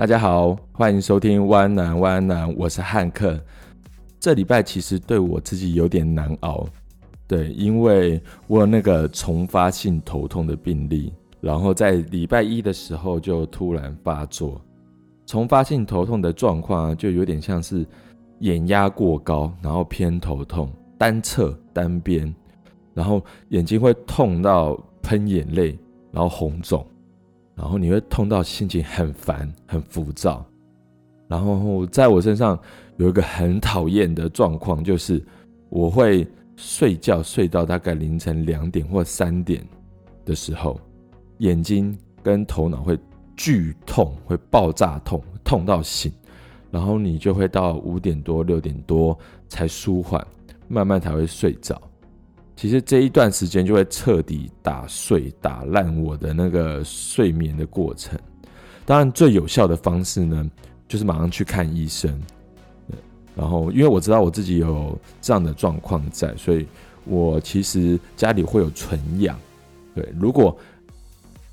大家好，歡迎收聽灣南灣南，我是漢克。這禮拜其實對我自己有點難熬，對，因為我有那個重发性頭痛的病例，然後在禮拜一的時候就突然發作。重发性頭痛的狀況啊，就有點像是眼壓過高，然後偏頭痛，單側單邊，然後眼睛會痛到噴眼淚，然後紅腫。然後你會痛到心情很煩、很浮躁。然後在我身上有一個很討厭的狀況，就是我會睡覺睡到大概凌晨兩點或三點的時候，眼睛跟頭腦會劇痛，會爆炸痛，痛到醒。然後你就會到五點多、六點多才舒緩，慢慢才會睡着。其實這一段時間就會徹底打碎、打爛我的那個睡眠的過程。當然，最有效的方式呢，就是馬上去看醫生。對，然後，因為我知道我自己有這樣的狀況在，所以我其實家裡會有純氧。對，如果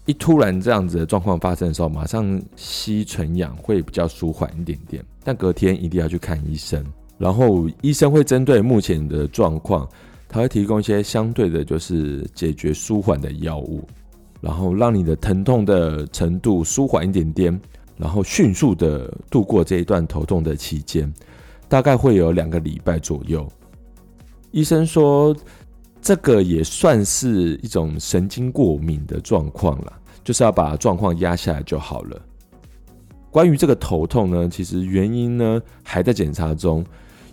一突然這樣子的狀況發生的時候，馬上吸純氧會比較舒緩一點點。但隔天一定要去看醫生，然後醫生會針對目前的狀況。它會提供一些相對的，就是解決舒緩的藥物，然後讓你的疼痛的程度舒緩一點點，然後迅速的度過這一段頭痛的期間，大概會有兩個禮拜左右。醫生說，這個也算是一種神經過敏的狀況了，就是要把狀況壓下來就好了。關於這個頭痛呢，其實原因呢還在檢查中，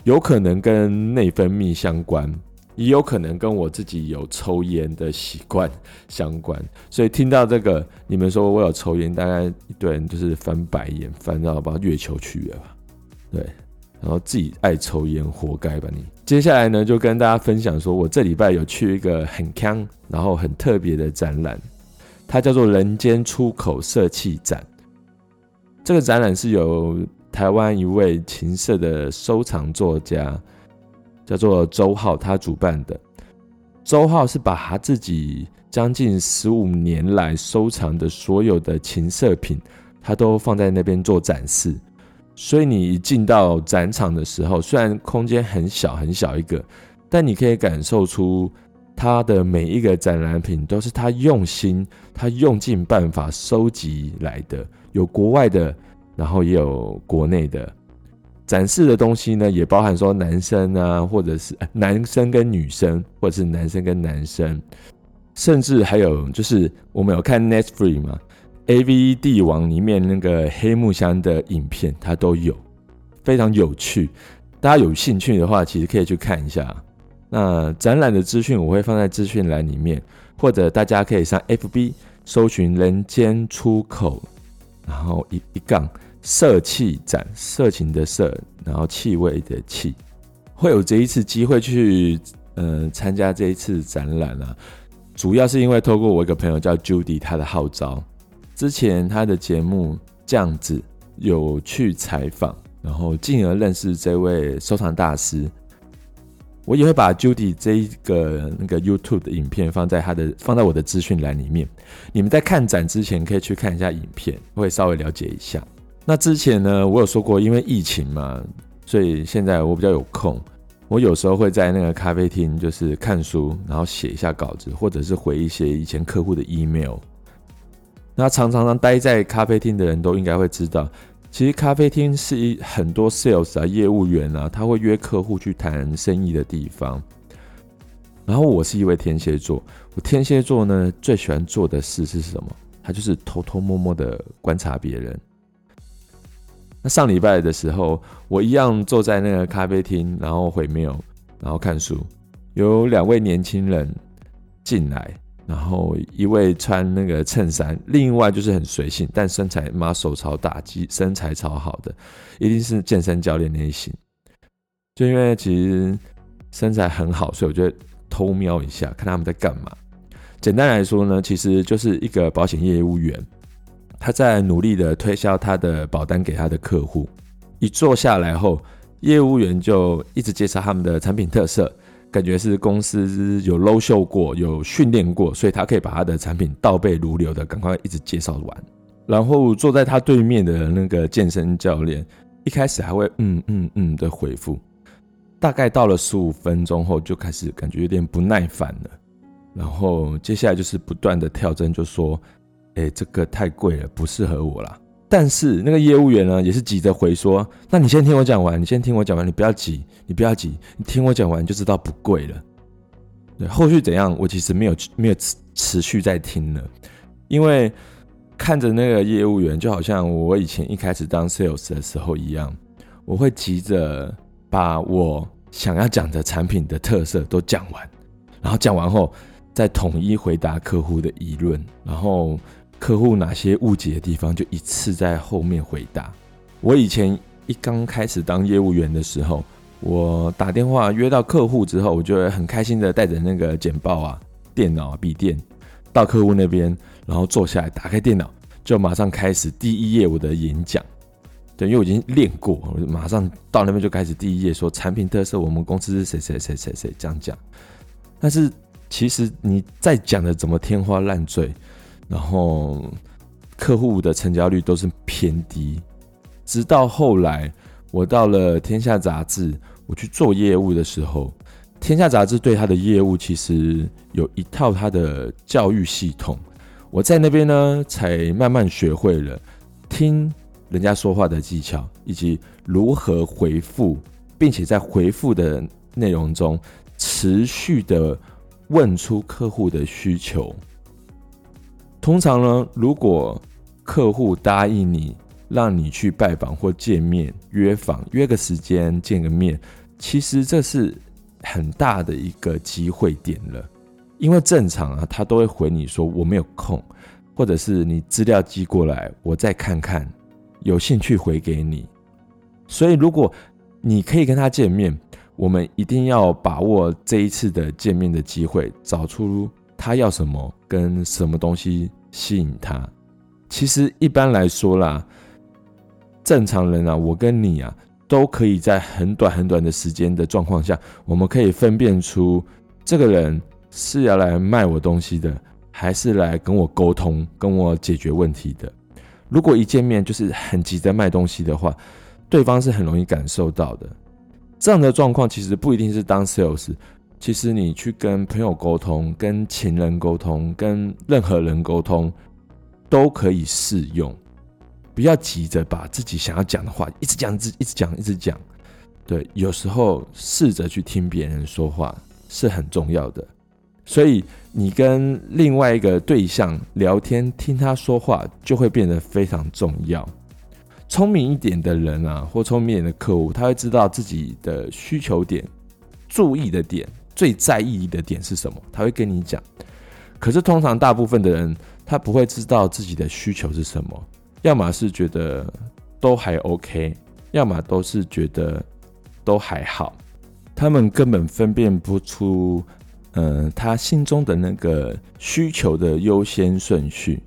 有可能跟內分泌相關。也有可能跟我自己有抽煙的習慣相關，所以聽到這個，你們說我有抽煙，大概一堆人就是翻白眼，翻到把月球去了吧？對，然後自己愛抽煙，活該吧你。接下來呢，就跟大家分享說，我這禮拜有去一個很香，然後很特別的展覽，它叫做“人間出口色氣展”。這個展覽是由台灣一位情色的收藏作家。叫做周浩，他主辦的。周浩是把他自己將近十五年來收藏的所有的情色品，他都放在那邊做展示。所以你一進到展場的時候，雖然空間很小很小一個，但你可以感受出他的每一個展覽品都是他用心、他用盡辦法收集來的，有國外的，然後也有國內的。展示的東西呢，也包含說男生啊，或者是男生跟女生，或者是男生跟男生，甚至還有就是我們有看 Netflix 嘛，A V 帝王裡面那個黑木香的影片，它都有，非常有趣。大家有興趣的話，其實可以去看一下。那展覽的資訊我會放在資訊欄裡面，或者大家可以上 FB 搜尋“人間出口”，然後一一槓。色氣展，色情的色，然後氣味的氣，會有這一次機會去，呃，參加這一次展覽啊。主要是因為透過我一個朋友叫 Judy 他的號召，之前他的節目這樣子有去採訪，然後進而認識這位收藏大師。我也會把 Judy 這一個那個 YouTube 的影片放在他的放在我的資訊欄裡面。你們在看展之前可以去看一下影片，會稍微了解一下。那之前呢，我有說過，因為疫情嘛，所以現在我比較有空。我有時候會在那個咖啡廳，就是看書，然後寫一下稿子，或者是回一些以前客戶的 email。那常常常待在咖啡廳的人都應該會知道，其實咖啡廳是一很多 sales 啊、業務員啊，他會約客戶去談生意的地方。然後我是一位天蠍座，我天蠍座呢最喜歡做的事是什麼？他就是偷偷摸摸的觀察別人。那上禮拜的時候，我一樣坐在那個咖啡廳，然後回沒有，然後看書。有兩位年輕人進來，然後一位穿那個襯衫，另外就是很隨性，但身材嘛，手超大肌，身材超好的，一定是健身教練類型。就因為其實身材很好，所以我就偷瞄一下，看他們在幹嘛。簡單來說呢，其實就是一個保險業務員。他在努力的推銷他的保單給他的客戶，一坐下來後，業務員就一直介紹他們的產品特色，感覺是公司有漏秀過，有訓練過，所以他可以把他的產品倒背如流的，趕快一直介紹完。然後坐在他對面的那個健身教練，一開始還會嗯嗯嗯的回復，大概到了十五分鐘後就開始感覺有點不耐煩了，然後接下來就是不斷的跳針，就說。哎、欸，這個太貴了，不適合我啦。但是那個業務員呢，也是急着回說：“那你先聽我講完，你先聽我講完，你不要急，你不要急，你聽我講完你就知道不貴了。”對，後續怎樣，我其實沒有沒有持持續在聽了，因為看着那個業務員，就好像我以前一開始當 Sales 的時候一樣，我會急着把我想要講的產品的特色都講完，然後講完後再統一回答客戶的議論，然後。客戶哪些誤解的地方，就一次在後面回答。我以前一剛開始當業務員的時候，我打電話約到客戶之後，我就會很開心的帶着那個簡報啊、電腦啊、筆電到客戶那邊，然後坐下來打開電腦，就馬上開始第一頁我的演講。等於我已經練過，我就馬上到那邊就開始第一頁說產品特色，我們公司是誰誰誰誰誰這樣講。但是其實你在講的怎麼天花亂墜。然後客戶的成交率都是偏低，直到後來我到了天下雜誌，我去做業務的時候，天下雜誌對他的業務其實有一套他的教育系統，我在那邊呢才慢慢學會了聽人家說話的技巧，以及如何回復，並且在回復的內容中持續的問出客戶的需求。通常呢，如果客戶答應你，讓你去拜訪或見面，約訪，約個時間見個面，其實這是很大的一個機會點了。因為正常啊，他都會回你說我沒有空，或者是你資料寄過來，我再看看，有興趣回給你。所以，如果你可以跟他見面，我們一定要把握這一次的見面的機會，找出。他要什麼，跟什麼東西吸引他？其實一般來說啦，正常人啊，我跟你啊，都可以在很短很短的時間的狀況下，我們可以分辨出這個人是要來賣我東西的，還是來跟我溝通、跟我解決問題的。如果一見面就是很急着賣東西的話，對方是很容易感受到的。這樣的狀況其實不一定是當 sales。其實你去跟朋友溝通、跟情人溝通、跟任何人溝通都可以適用，不要急着把自己想要講的話一直講、一直一直講、一直講。對，有時候試着去聽別人說話是很重要的。所以你跟另外一個對象聊天，聽他說話就會變得非常重要。聰明一點的人啊，或聰明一點的客戶，他會知道自己的需求點、注意的點。最在意的點是什麼？他會跟你講。可是通常大部分的人，他不會知道自己的需求是什麼，要麼是覺得都還 OK，要麼都是覺得都還好，他們根本分辨不出，嗯、呃，他心中的那個需求的優先順序。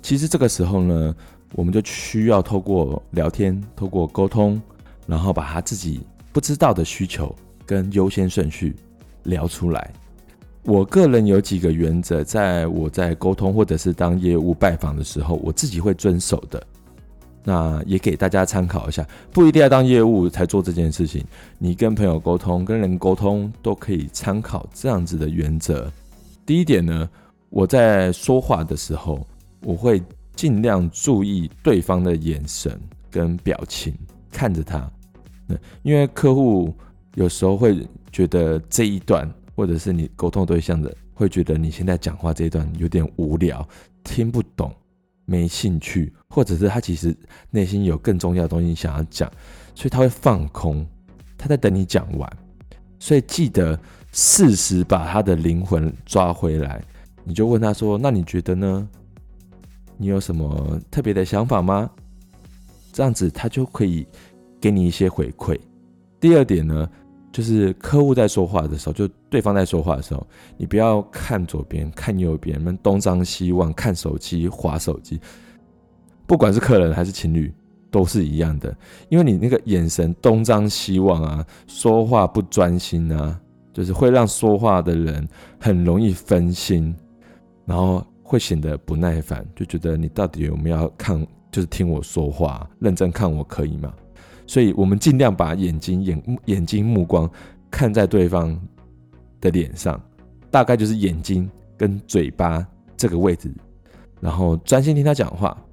其實這個時候呢，我們就需要透過聊天，透過溝通，然後把他自己不知道的需求跟優先順序。聊出來，我個人有幾個原則，在我在溝通或者是當業務拜訪的時候，我自己會遵守的。那也給大家參考一下，不一定要當業務才做這件事情，你跟朋友溝通、跟人溝通都可以參考這樣子的原則。第一點呢，我在說話的時候，我會儘量注意對方的眼神跟表情，看着他，因為客戶有時候會覺得這一段，或者是你溝通對象的，會覺得你現在講話這一段有點無聊、聽不懂、沒興趣，或者是他其實內心有更重要的東西想要講，所以他會放空，他在等你講完。所以記得適時把他的靈魂抓回來，你就問他說：“那你覺得呢？你有什麼特別的想法嗎？”這樣子他就可以給你一些回饋。第二點呢，就是客戶在說話的時候，就對方在說話的時候，你不要看左邊，看右邊，們東張西望，看手機，滑手機。不管是客人還是情侶，都是一樣的，因為你那個眼神東張西望啊，說話不專心啊，就是會讓說話的人很容易分心，然後會顯得不耐煩，就覺得你到底有沒有看，就是聽我說話，認真看我可以嗎？所以，我們盡量把眼睛、眼眼睛、目光看在對方的臉上，大概就是眼睛跟嘴巴這個位置，然後專心聽他講話，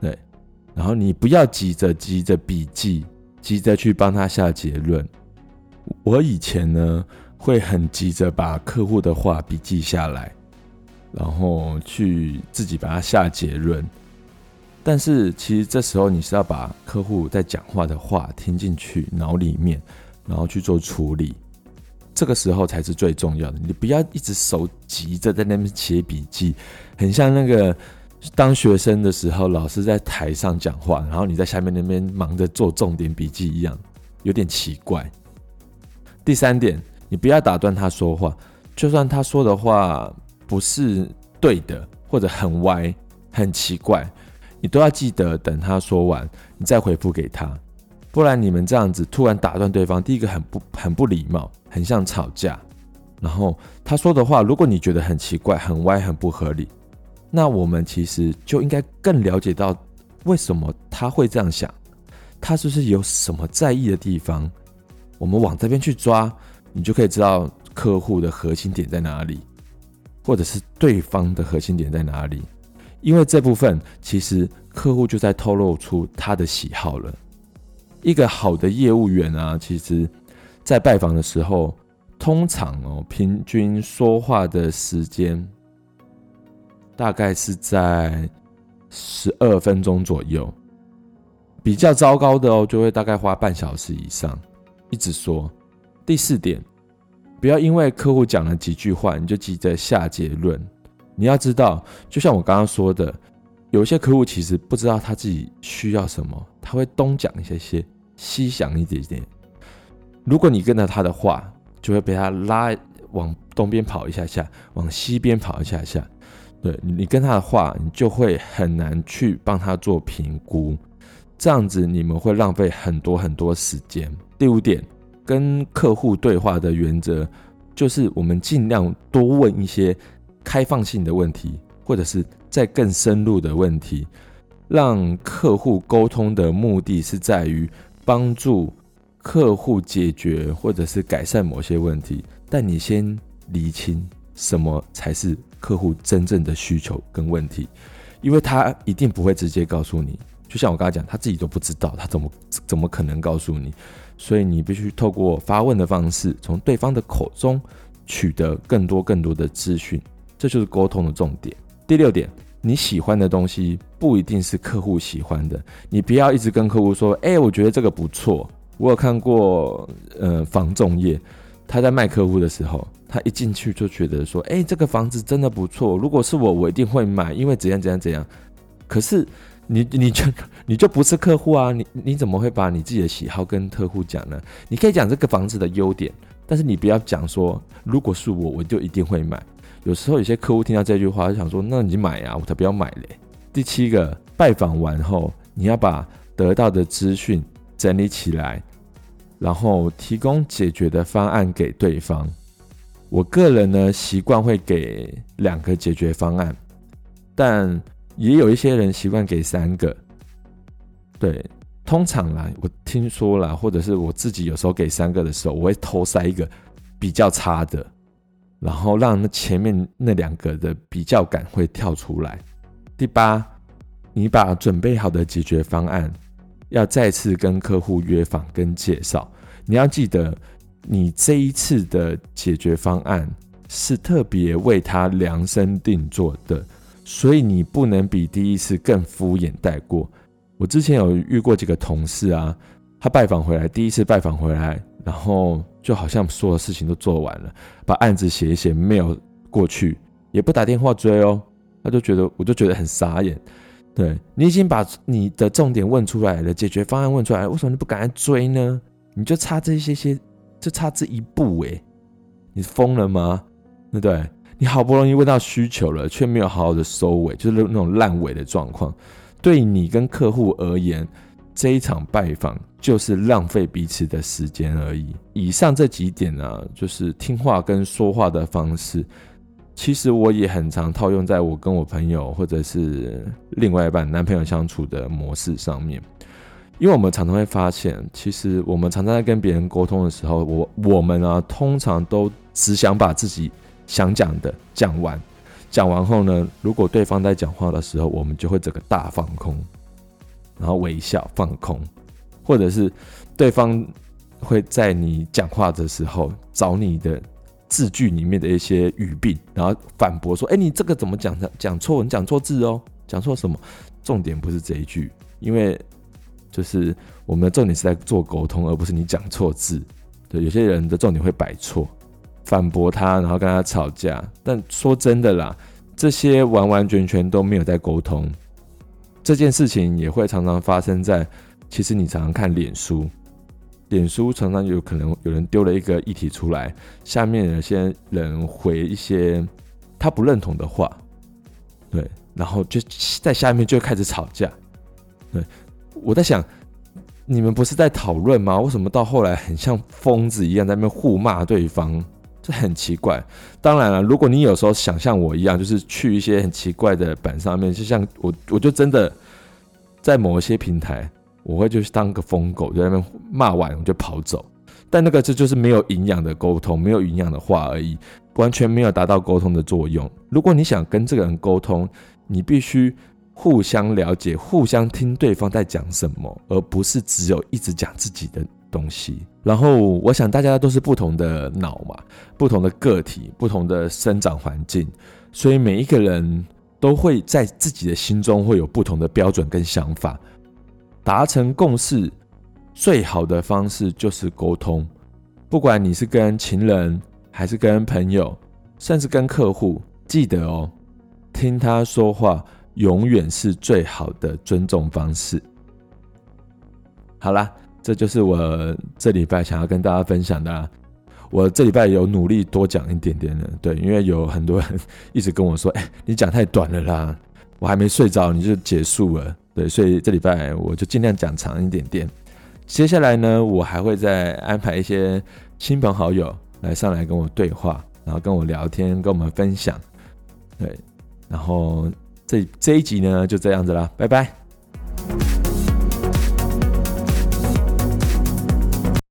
對，然後你不要急着、急着筆記、急着去幫他下結論。我以前呢，會很急着把客戶的話筆記下來，然後去自己把他下結論。但是其實這時候你是要把客戶在講話的話聽進去腦裡面，然後去做處理，這個時候才是最重要的。你不要一直手急着在那邊寫筆記，很像那個當學生的時候，老師在台上講話，然後你在下面那邊忙着做重點筆記一樣，有點奇怪。第三點，你不要打斷他說話，就算他說的話不是對的，或者很歪、很奇怪。你都要記得等他說完，你再回復給他，不然你們這樣子突然打斷對方，第一個很不、很不禮貌，很像吵架。然後他說的話，如果你覺得很奇怪、很歪、很不合理,那我們其實就應該更了解到為什麼他會這樣想，他是不是有什麼在意的地方？我們往這邊去抓，你就可以知道客戶的核心點在哪裡，或者是對方的核心點在哪裡。因為這部分其實客戶就在透露出他的喜好了。一個好的業務員啊，其實，在拜訪的時候，通常哦，平均說話的時間大概是在十二分鐘左右。比較糟糕的哦，就會大概花半小時以上一直說。第四點，不要因為客戶講了幾句話，你就急着下結論。你要知道，就像我剛剛說的，有一些客戶其實不知道他自己需要什麼，他會東講一些些，西想一點點。如果你跟着他的話，就會被他拉往東邊跑一下下，往西邊跑一下下。對，你跟他的話，你就會很難去幫他做評估，這樣子你們會浪費很多很多時間。第五點，跟客戶對話的原則就是，我們盡量多問一些。開放性的問題，或者是再更深入的問題。讓客戶溝通的目的是在於幫助客戶解決或者是改善某些問題，但你先理清什麼才是客戶真正的需求跟問題，因為他一定不會直接告訴你。就像我剛才講，他自己都不知道，他怎麼怎麼可能告訴你？所以你必須透過發問的方式，從對方的口中取得更多更多的資訊。這就是溝通的重點。第六點，你喜歡的東西不一定是客戶喜歡的。你不要一直跟客戶說：“哎，我覺得這個不錯，我有看過。”呃，房仲業他在賣客戶的時候，他一進去就覺得說：“哎，這個房子真的不錯，如果是我，我一定會買，因為怎樣怎樣怎樣。”可是你你就你就不是客戶啊！你你怎麼會把你自己的喜好跟客戶講呢？你可以講這個房子的優點，但是你不要講說：“如果是我，我就一定會買。”有時候有些客戶聽到這句話就想說：“那你買呀、啊，我才不要買嘞。”第七個，拜訪完後，你要把得到的資訊整理起來，然後提供解決的方案給對方。我個人呢習慣會給兩個解決方案，但也有一些人習慣給三個。對，通常啦，我聽說啦，或者是我自己有時候給三個的時候，我會偷塞一個比較差的。然後讓那前面那兩個的比較感會跳出來。第八，你把準備好的解決方案要再次跟客戶約訪跟介紹。你要記得，你這一次的解決方案是特別為他量身定做的，所以你不能比第一次更敷衍帶過。我之前有遇過幾個同事啊。他拜訪回來，第一次拜訪回來，然後就好像所有事情都做完了，把案子寫一寫，沒有過去，也不打電話追哦，他就覺得，我就覺得很傻眼。對，你已經把你的重點問出來了，解決方案問出來，為什麼你不趕快追呢？你就差這些些，就差這一步誒、欸、你瘋了嗎？對不對？你好不容易問到需求了，卻沒有好好的收尾，就是那種爛尾的狀況。對你跟客戶而言，這一場拜訪。就是浪費彼此的時間而已。以上這幾點呢、啊，就是聽話跟說話的方式。其實我也很常套用在我跟我朋友或者是另外一半男朋友相處的模式上面。因為我們常常會發現，其實我們常常在跟別人溝通的時候，我我們啊，通常都只想把自己想講的講完。講完後呢，如果對方在講話的時候，我們就會整個大放空，然後微笑放空。或者是對方會在你講話的時候找你的字句裡面的一些語病，然後反駁說：“哎，你這個怎麼講的？講錯，你講錯字哦，講錯什麼？”重點不是這一句，因為就是我們的重點是在做溝通，而不是你講錯字。對，有些人的重點會擺錯，反駁他，然後跟他吵架。但說真的啦，這些完完全全都沒有在溝通。這件事情也會常常發生在。其實你常常看臉書，臉書常常有可能有人丟了一個議題出來，下面有些人回一些他不認同的話，對，然後就在下面就開始吵架。對，我在想，你們不是在討論嗎？為什麼到後來很像瘋子一樣在那邊互罵對方？這很奇怪。當然了，如果你有時候想像我一樣，就是去一些很奇怪的版上面，就像我，我就真的在某一些平台。我會就是當個瘋狗，就在那邊罵完我就跑走。但那個這就是沒有營養的溝通，沒有營養的話而已，完全沒有達到溝通的作用。如果你想跟這個人溝通，你必須互相了解，互相聽對方在講什麼，而不是只有一直講自己的東西。然後我想，大家都是不同的腦嘛，不同的個體，不同的生長環境，所以每一個人都會在自己的心中會有不同的標準跟想法。達成共識最好的方式就是溝通，不管你是跟情人還是跟朋友，甚至跟客戶，記得哦，聽他說話永遠是最好的尊重方式。好啦，這就是我這禮拜想要跟大家分享的啊。我這禮拜有努力多講一點點的，對，因為有很多人一直跟我說：“哎、欸，你講太短了啦，我還沒睡着你就結束了。”對，所以這禮拜我就盡量講長一點點。接下來呢，我還會再安排一些親朋好友來上來跟我對話，然後跟我聊天，跟我們分享。對，然後這這一集呢，就這樣子啦，拜拜。